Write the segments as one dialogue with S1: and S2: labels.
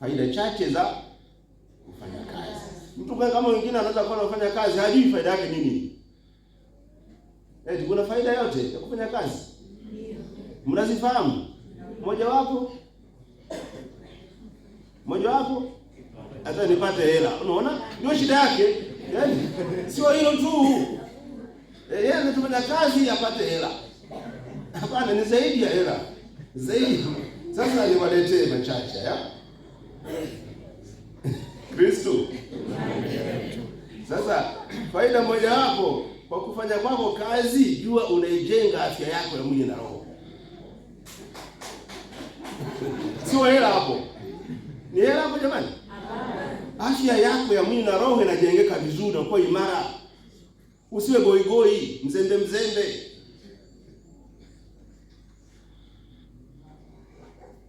S1: faida chache za kufanya kazi. Mtu kama wengine anaweza kuwa anafanya kazi hajui faida yake nini. Eh, kuna faida yote ya kufanya kazi. Mnazifahamu? Mmoja wapo mmoja wapo hata nipate hela. Unaona? Ndio shida yake. Yaani sio hilo tu. E, yeye anatumia kazi apate hela. Hapana, ni zaidi ya hela. Zaidi. Sasa niwaletee machache ya Kristo. Sasa faida moja hapo kwa kufanya kwako kazi, jua unaijenga afya yako ya mwili na roho. Sio hela hapo, ni hela hapo jamani. Afya yako ya mwili na roho inajengeka vizuri, unakuwa imara, usiwe goigoi, mzembe mzembe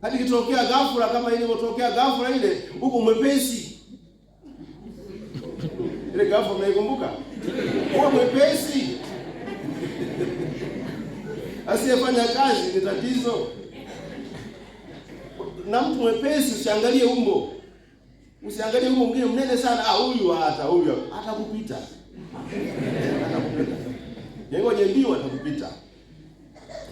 S1: hadi kitokea ghafla kama ile ilivyotokea ghafla ile, huko mwepesi ile ghafla, mnaikumbuka? Huwa mwepesi, asiyefanya kazi ni tatizo. Na mtu mwepesi, usiangalie umbo, usiangalie umbo mwingine mnene sana. Ah, huyu hata huyu hata kupita atakupita, atakupita ngoje ndio atakupita.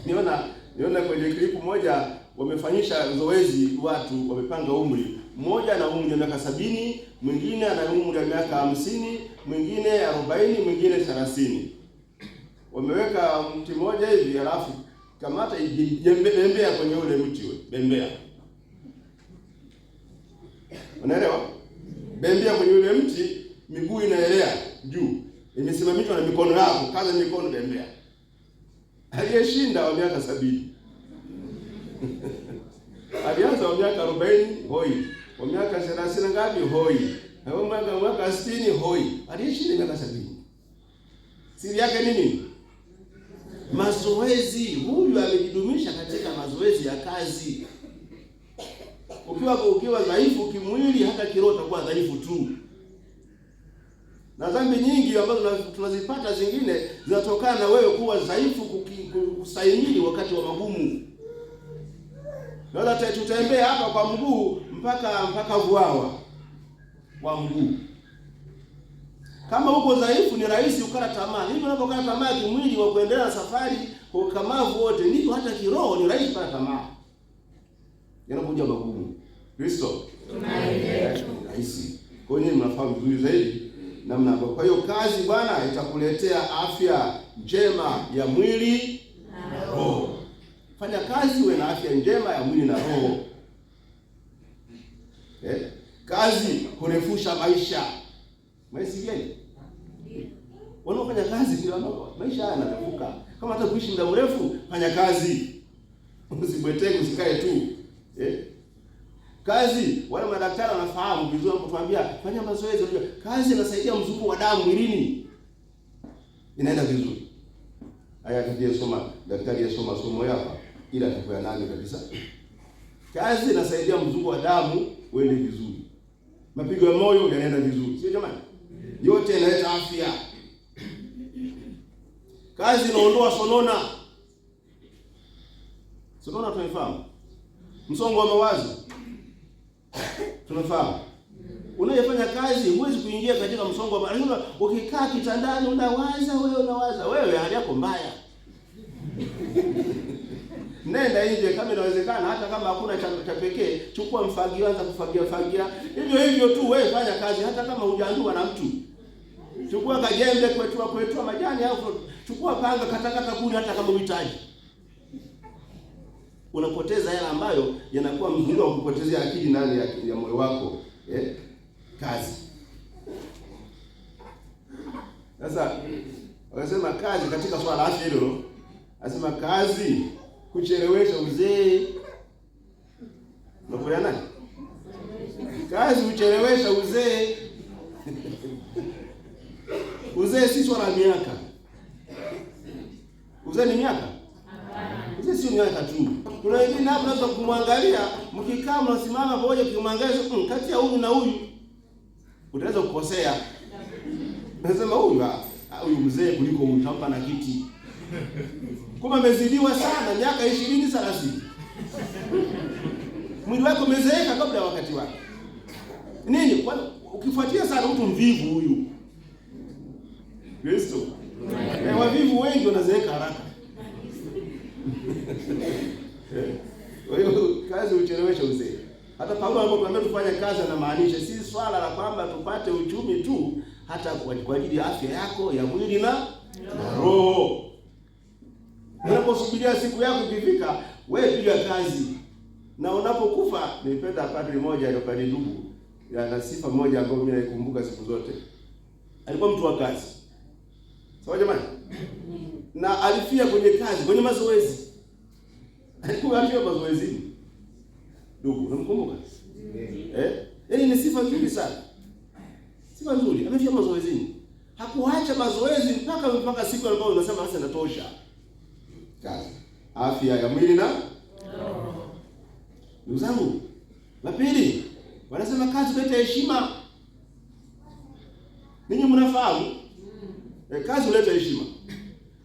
S1: Niona niona kwenye clip moja wamefanyisha zoezi watu, wamepanga umri, mmoja ana umri wa miaka sabini, mwingine ana umri wa miaka hamsini, mwingine arobaini, mwingine thelathini. Wameweka mti mmoja hivi, halafu kamata bembea kwenye ule mti ule, bembea, unaelewa? Bembea kwenye ule mti, miguu inaelea juu, imesimamishwa na mikono yako, kaza mikono, bembea. Aliyeshinda wa miaka sabini alianza wa miaka arobaini hoi, wa miaka thelathini ngapi hoi, na mwaka mwaka sitini hoi, aliishi miaka sabini. Siri yake nini? Mazoezi. Huyu amejidumisha katika mazoezi ya kazi. Ukiwa ukiwa dhaifu kimwili, hata kiroho utakuwa dhaifu tu, na dhambi nyingi ambazo tunazipata zingine zinatokana na wewe kuwa dhaifu kustahimili wakati wa magumu. Naweza tutembea hapa kwa mguu mpaka mpaka vuawa wa mguu. Kama uko dhaifu, ni rahisi ukata tamaa. Hivi unapokata tamaa kimwili wa kuendelea na safari kwa ukamavu wote, ndivyo hata kiroho ni rahisi kukata tamaa yanakuja magumu. Kristo rahisi. Kwa nini? mnafahamu vizuri zaidi namna. Kwa hiyo kazi Bwana itakuletea afya njema ya mwili Fanya kazi, uwe na afya njema ya mwili na roho. Eh, kazi hurefusha maisha. Maisigeni wanaofanya kazi ndio maisha haya yanarefuka. Kama hata kuishi muda mrefu, fanya kazi, usibweteke, usikae tu eh? Kazi, wale madaktari wanafahamu vizuri wanapotuambia fanya mazoezi. Unajua kazi inasaidia mzunguko wa damu mwilini, inaenda vizuri. Aya, Haya, daktari asoma somo hapa ila siku ya nane kabisa kazi inasaidia mzunguko wa damu uende vizuri, mapigo ya moyo yanaenda vizuri, sio jamani? Yote inaleta afya. Kazi inaondoa sonona. Sonona tunaifahamu, msongo wa mawazo tunafahamu. Unayefanya kazi huwezi kuingia katika msongo wa mawazo. Ukikaa kitandani unawaza wewe, unawaza wewe, hali yako mbaya nje kama inawezekana, hata kama hakuna cha pekee, chukua mfagio, anza kufagia fagia hivyo hivyo tu. Wewe fanya kazi, hata kama hujaandua na mtu, chukua kajembe, kwetua kwetua majani, au chukua panga, katakata kuni, hata kama uhitaji. Unapoteza hela ambayo yanakuwa mzigo wa kupotezea akili ndani ya ya moyo wako eh, kazi sasa. Wanasema kazi katika swala hilo, asema kazi kuchelewesha uzee. Unakulia nani? Kazi huchelewesha uzee. Uzee si swala la miaka. Uzee ni miaka? Uzee sio miaka tu. Kuna wengine hapo naweza kumwangalia, mkikaa mnasimama pamoja kimwangalia, mm, kati ya huyu na huyu utaweza kukosea. Nasema huyu ah, huyu mzee kuliko mtampa na kiti kuma amezidiwa sana miaka ishirini 30. Mwili wako umezeeka kabla ya wakati wake. Nini? ukifuatia sana mtu mvivu huyu. Kristo. Eh, wavivu wengi wanazeeka haraka. Kwa hiyo kazi huchelewesha uzee. Hata Paulo alipotuambia tufanye kazi, anamaanisha si swala la kwamba tupate uchumi tu, hata kwa ajili ya afya yako ya mwili na
S2: roho.
S1: Unaposubiria siku yako ikifika, wewe piga kazi. Na unapokufa, nipenda padri moja aliyopali ndugu ana sifa moja ambayo mimi naikumbuka siku zote. Alikuwa mtu wa kazi. Sawa jamani? Na alifia kwenye kazi, kwenye mazoezi. Alikuwa alifia mazoezini. Ndugu, unamkumbuka? Eh? Yaani ni sifa nzuri sana. Sifa nzuri. Amefia mazoezini. Hakuacha mazoezi mpaka mpaka siku ambayo unasema sasa natosha kazi, afya ya mwili na ndugu zangu. La pili, wanasema kazi huleta heshima. Ninyi mnafahamu mm. eh, kazi huleta heshima.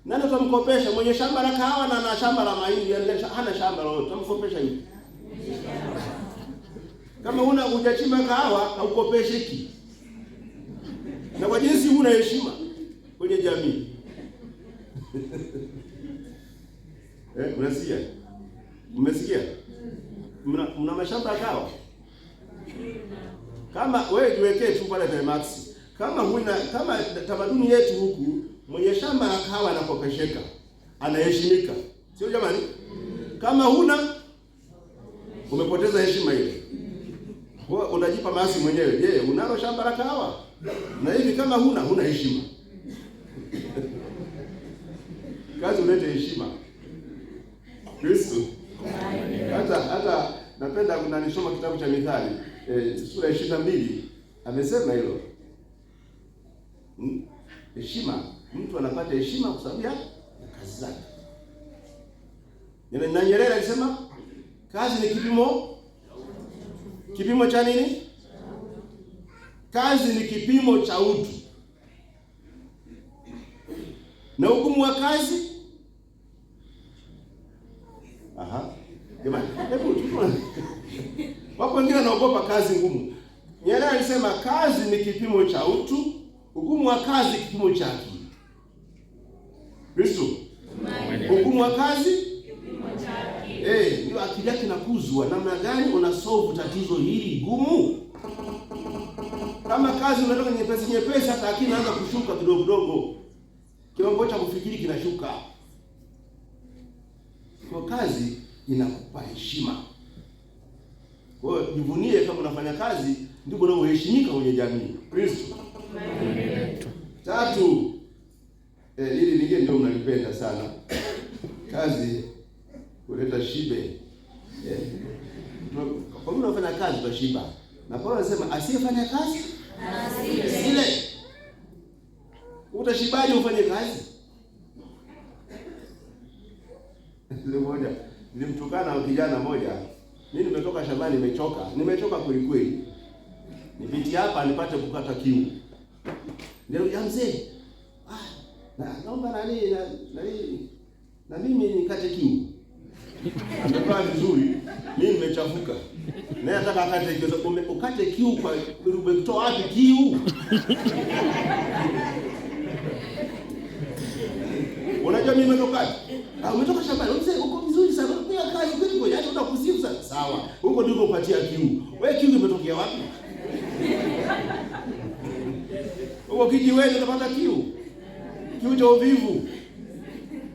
S1: Nani utamkopesha? Mwenye shamba la kahawa na ana shamba la mahindi, hana shamba lolote, utamkopesha hivi? Kama una hujachimba kahawa haukopesheki, na kwa jinsi huna heshima kwenye jamii Eh, unasikia? Umesikia? Mna, mna mashamba kawa? Kama wewe jiwekee tu pale max. Kama huna kama tamaduni yetu huku mwenye shamba akawa anakopesheka, anaheshimika. Sio jamani? Kama huna umepoteza heshima ile. Wewe unajipa maasi mwenyewe. Je, unalo shamba la kahawa? Na hivi kama huna huna heshima. Kazi ulete heshima. Kristo. Hata hata napenda kunanisoma kitabu cha Mithali eh, sura ya 22 amesema hilo. Hmm? Heshima, mtu anapata heshima kwa sababu ya kazi zake. Na Nyerere alisema kazi ni kipimo kipimo cha nini? Kazi ni kipimo cha utu, na hukumu wa kazi Aha. Jamani, hebu tuone. Wapo wengine wanaogopa kazi ngumu. Nyerere alisema kazi ni kipimo cha utu, ugumu wa kazi kipimo cha akili. Kristo. Ugumu wa kazi
S2: kipimo cha akili.
S1: Eh, ndio akili yako inakuzwa namna gani unasolve tatizo hili gumu. Kama kazi unatoka nyepesi nyepesi, hata akili inaanza kushuka kidogo kidogo. Kiwango cha kufikiri kinashuka. Kwa kazi inakupa heshima. Kwa hiyo jivunie kama unafanya kazi, ndipo unaheshimika kwenye jamii. Kristo. Tatu, eh, hili lingine ndio mnalipenda sana. Kazi kuleta shibe. Eh. Kwa hiyo unafanya kazi shiba. Na Paulo anasema asiyefanya kazi asile. Utashibaje ufanye kazi? Yule moja nilimtukana kijana mmoja, mimi nimetoka shambani, nimechoka, nimechoka kweli kweli, nipiti hapa nipate kukata kiu. Ndio ya mzee, ah, na naomba nani na nani na mimi nikate kiu. Amevaa vizuri, mimi nimechafuka. Naye nataka akate kiu, ukate kiu kwa kutoa wapi kiu? wewe utapata kiu, kiu cha uvivu.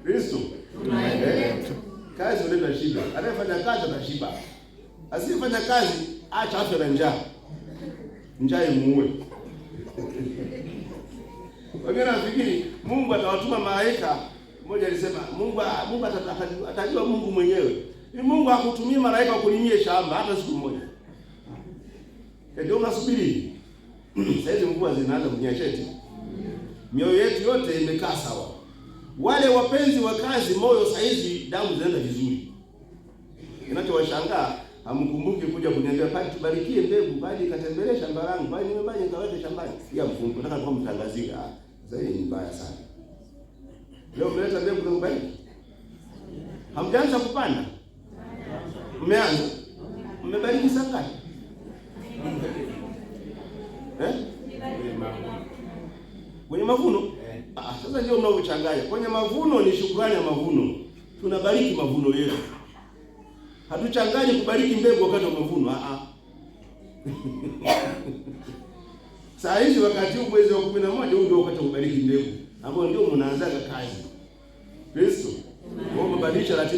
S1: Kristo kazi unaenda shiba, anayefanya kazi atashiba, asiyefanya kazi acha afya na njaa, njaa imuue. Wengine nafikiri Mungu atawatuma malaika. Mmoja alisema Mungu Mungu atajua Mungu mwenyewe. Ni Mungu akutumie malaika kulimie shamba hata siku moja. Ndio unasubiri. Sasa hizi mvua zinaanza kunyesha tena mioyo yetu yote imekaa sawa. Wale wapenzi wa kazi, moyo saizi damu zinaenda vizuri. Kinachowashangaa hamkumbuki kuja kuniambia pale, tubarikie mbegu, bali ikatembelee shamba langu, bali nimebali nikaweke shambani. Ya mfungo, nataka kwa mtangazia. Ah, sasa ni mbaya sana. Leo mleta mbegu za kubariki. Hamjaanza kupanda? Mmeanza? Mmebariki sangapi? Eh? kwenye mavuno eh. Ah, sasa ndio mnaochanganya kwenye mavuno. Ni shukrani ya mavuno, tunabariki mavuno yetu, hatuchanganyi kubariki mbegu wakati wa mavuno. Ah, -ah. saa hizi wakati huu mwezi wa 11 huu ndio wakati wa kubariki mbegu, ambapo ndio mnaanza kazi. Kristo, wao mabadilisha ratiba